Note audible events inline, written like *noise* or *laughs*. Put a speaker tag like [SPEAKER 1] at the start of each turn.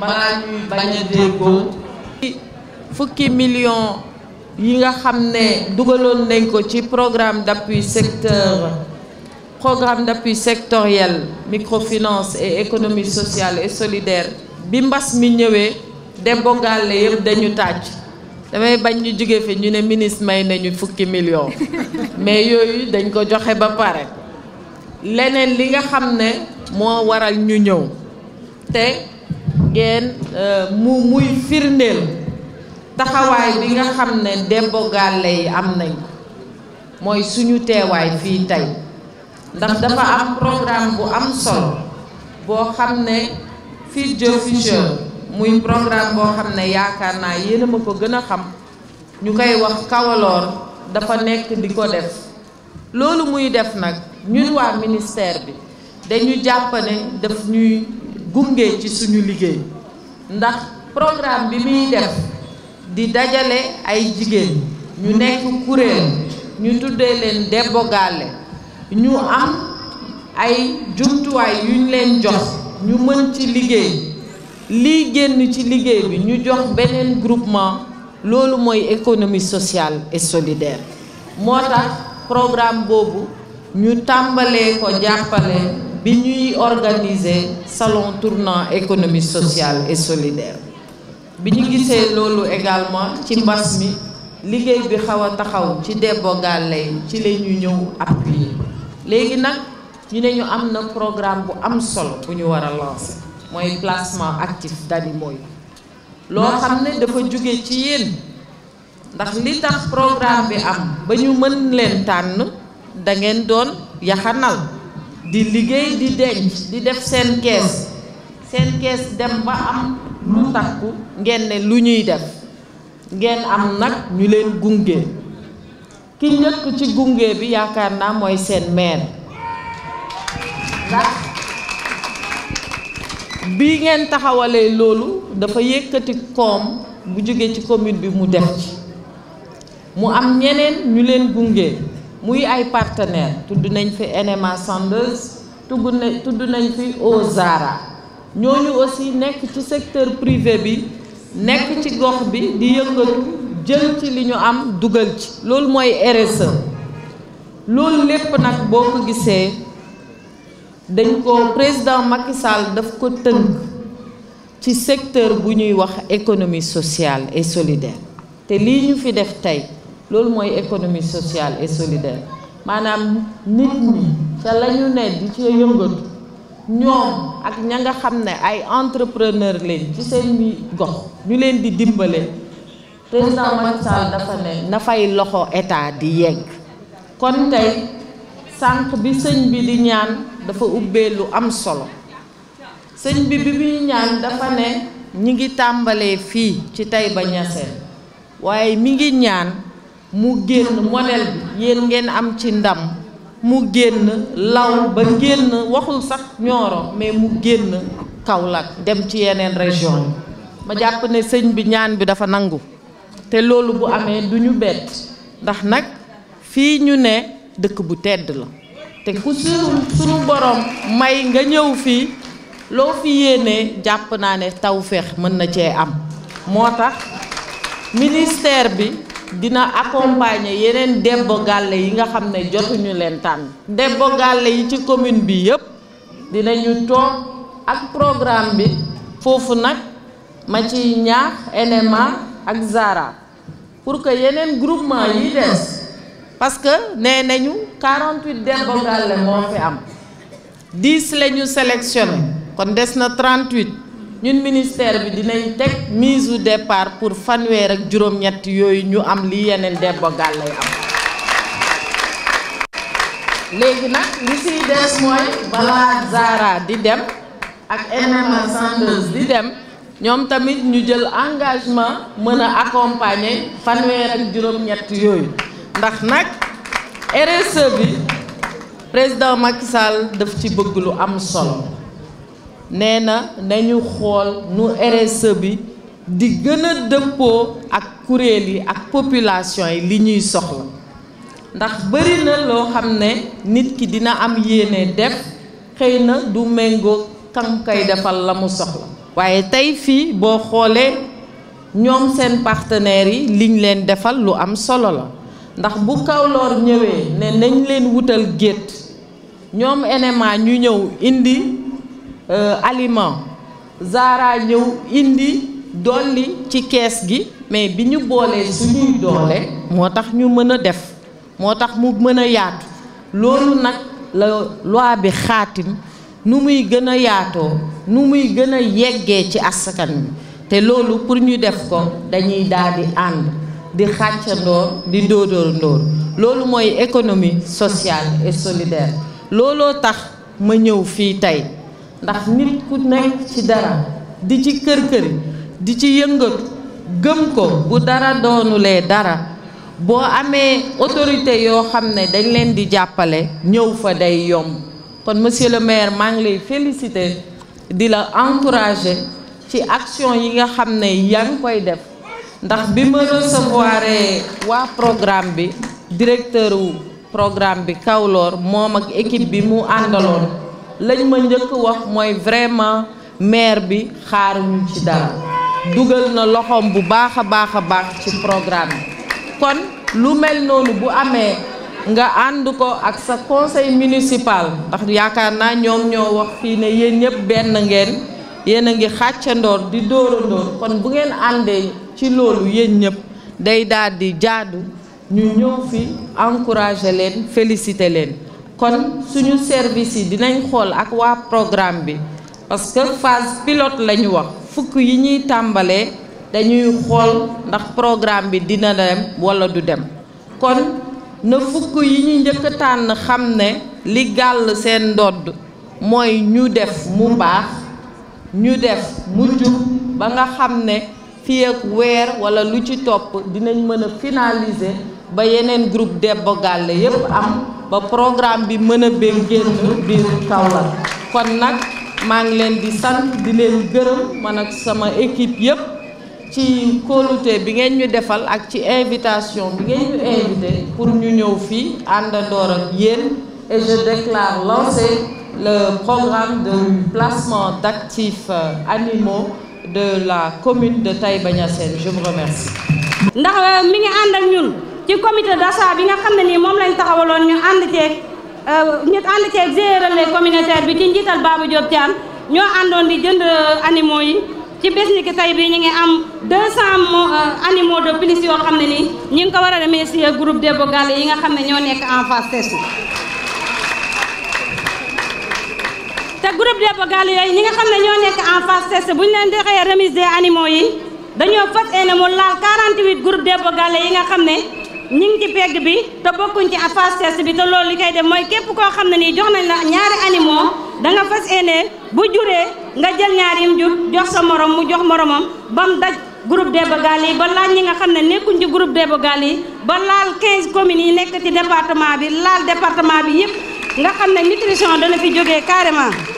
[SPEAKER 1] balaa ñuy bañ a déggoo fukki million yi nga xam ne dugaloon nañ ko ci programme d'appui secteur programme d'appui sectoriel microfinance et économie sociale et solidaire bi mbas mi ñëwee débogale yëpp dañu tàcc damay bañ ñu jóge fi ñu ne ministre may nañu fukki million *laughs* mais yooyu dañ ko joxe ba pare leneen li nga xam ne moo waral ñu ñëw te ngeen euh, mu muy firndeel taxawaay bi nga xam ne Demba Galle yi am nañu mooy suñu teewaay fii tey ndax dafa am programme bu am solo boo xam ne Feed the muy programme boo xam ne yaakaar naa yéen a ma ko gën a xam ñu koy wax kawaloon dafa nekk di ko def loolu muy def nag ñun waa ministère bi dañu jàpp daf ñuy gunge ci suñu liggéey ndax programme bi muy def di dajale ay jigéen ñu nekk kuréel ñu tuddee leen debbogaale ñu am ay jumtuwaay yuñ leen jox ñu mën ci liggéey lii génn ci liggéey bi ñu jox beneen groupement loolu mooy économie sociale et solidaire moo tax programme boobu ñu tàmbalee ko jàppale bi ñuy organiser salon tournant économie sociale et solidaire bi ñu gisee loolu également ci mbas mi liggéey bi xaw a taxaw ci Debbo Galley ci la ñu ñëw appuyer léegi nag ñu ne ñu am na programme bu am solo bu ñu war a lancer mooy placement actif d'animaux yi loo xam ne dafa jóge ci yéen ndax li tax programme bi am ba ñu mën leen tànn da ngeen doon yaxanal di liggéey di denc di def seen kees seen kees dem ba am lu takku ngeen ne lu ñuy def ngeen am nag ñu leen gunge ki njëkk ci gunge bi yaakaar naa mooy seen maire bi ngeen taxawalee loolu dafa yëkkati koom bu jóge ci commune bi mu def ci mu am ñeneen ñu leen gunge muy ay partenaires tudd nañ fi NMA Sandeuse tudd tudd nañ fi Ozara ñooñu aussi nekk ci secteur privé bi nekk ci gox bi di yëngatu jël ci li ñu am dugal ci loolu mooy RSE loolu lépp nag boo ko gisee dañ ko président Macky Sall daf ko tënk ci secteur bu ñuy wax économie sociale et solidaire te lii ñu fi def tey loolu mooy économie sociale et solidaire maanaam nit ñi ca la ne di ci yëngatu ñoom ak ña nga xam ne ay entrepreneur lañ ci seen gox ñu leen di dimbale président Macky Sall dafa ne na fay loxo état di yegg kon tey sànq bi sëñ bi di ñaan dafa ubbee lu am solo sëñ bi bi muy ñaan dafa ne ñi ngi tàmbalee fii ci Taïba Niassène waaye mi ngi ñaan mu génn modèle bi yéen ngeen am ci ndam mu génn law ba génn waxul sax Nioro mais mu génn Kaolack dem ci yeneen région yi ma jàpp ne sëñ bi ñaan bi dafa nangu te loolu bu amee du ñu bett ndax nag fii ñu ne dëkk bu tedd la te ku sunu sunu borom may nga ñëw fii loo fi yéenee jàpp naa ne tawféex mën na cee am moo tax ministère bi dina accompagner yeneen debbo gàlle yi nga xam ne jotuñu leen tànn debbo gàlle yi ci commune bi yëpp dinañu toog ak programme bi foofu nag ma ciy ñaax NMA ak Zara pour que yeneen groupement yi des parce que nee nañu 48 debbo gàlle moo fi am 10 la ñu kon des na 38 ñun ministère bi dinañ teg mise au départ pour fanweer ak juróom-ñett yooyu ñu am li yeneen Demba Gall lay am léegi nag li siy des mooy balaa Zara di dem ak NMA Sanders di dem ñoom tamit ñu jël engagement mën a accompagner fanweer ak juróom-ñett yooyu ndax nag RSE bi président Macky Sall daf ci bëgg lu am solo. nee na nañu xool nu RSE bi di gëna a dëppoo ak kuréel yi ak population yi li ñuy soxla ndax bëri na loo xam ne nit ki dina am yéene def xëy na du méngoo kan kay defal la mu soxla waaye tey fii boo xoolee ñoom seen partenaires yi liñ leen defal lu am solo la ndax bu Kawloor ñëwee ne nañ leen wutal gétt ñoom NMA ñu ñëw indi Euh, aliment Zara ñëw indi dolli ci kees gi mais bi ñu boolee suñuy doole moo tax ñu mën a def moo tax mu mën a yaatu loolu nag la loi bi xaatim nu muy gën a yaatoo nu muy gën a yeggee ci askan bi te loolu pour ñu def ko dañuy daal di ànd di xàccandoo di ndóodóor ndóor loolu mooy économie sociale et solidaire looloo tax ma ñëw fii tey ndax nit ku nekk ci dara di ci kër-këri di ci yëngatu gëm ko bu dara doonulee dara boo amee autorité yoo xam ne dañ leen di jàppale ñëw fa day yomb kon monsieur le maire maa ngi lay félicité di la encourager ci action yi nga xam ne yaa ngi koy def ndax bi ma recevoir waa programme bi directeur programme bi Kawlor moom ak équipe bi mu àndaloon lañ ma njëkk wax mooy vraiment maire bi xaar xaaruñu ci dara dugal na loxoom bu baax a baax a baax ci programme bi kon lu mel noonu bu amee nga ànd ko ak sa conseil municipal ndax yaakaar naa ñoom ñoo wax fii ne yéen ñëpp benn ngeen yéen a ngi xàccandoor di dóorandoor kon bu ngeen àndee ci loolu yéen ñëpp day daal di jaadu ñu ñëw fi encourager leen féliciter leen kon suñu service yi dinañ xool ak waa programme bi parce que phase pilote la wax fukk yi ñuy tàmbalee dañuy xool ndax programme bi dina dem wala du dem kon na fukk yi ñuy njëkk tànn xam ne li gàll seen ndodd mooy ñu def mu baax ñu def mu jub ba nga xam ne fii ak weer wala lu ci topp dinañ mën a finaliser ba yeneen groupe Debbo Galle yépp am ba programme bi mën a bén génn biir Kaolack kon nag maa ngi leen di sant di leen gërëm man ak sama équipe yépp ci kóolute bi ngeen ñu defal ak ci invitation bi ngeen ñu invité pour ñu ñëw fii àndandoor ak yéen et je déclare lancé le programme de placement d'actifs animaux de la commune de Taïba Niassène je vous remercie. ndax euh, mi ngi ànd ak ñun. ci comité d'achat bi nga xam ne nii moom lañ taxawaloon ñu ànd ceeg euh, ñu ànd ceeg GRL communautaire bi ci njiital Babou Diop Thiam ñoo àndoon di jënd animaux yi ci bés ni ki tey bi ñu ngi am 200 euh, animaux de plus yoo xam ne nii ñu ngi ko war a remercier groupe des Bogalé yi nga xam ne ñoo nekk en face test te groupe des Bogalé yooyu ñi nga xam ne ñoo nekk en face test bu ñu leen dexee remise des animaux yi dañoo fas yéene mu laal 48 groupe des yi nga xam ne ñi ngi ci pegg bi te bokkuñ ci à phase test bi te loolu li koy def mooy képp koo xam ne nii jox nañ la ñaari animaux da nga fas yéene bu juree nga jël ñaari yim jur jox sa moroom mu jox moromam ba mu daj groupe des Bagall ba laal ñi nga xam ne nekkuñ ci groupe des Bagall yi ba laal 15 communes yi nekk ci département bi laal département bi yëpp nga xam ne nutrition dana fi jógee carrément.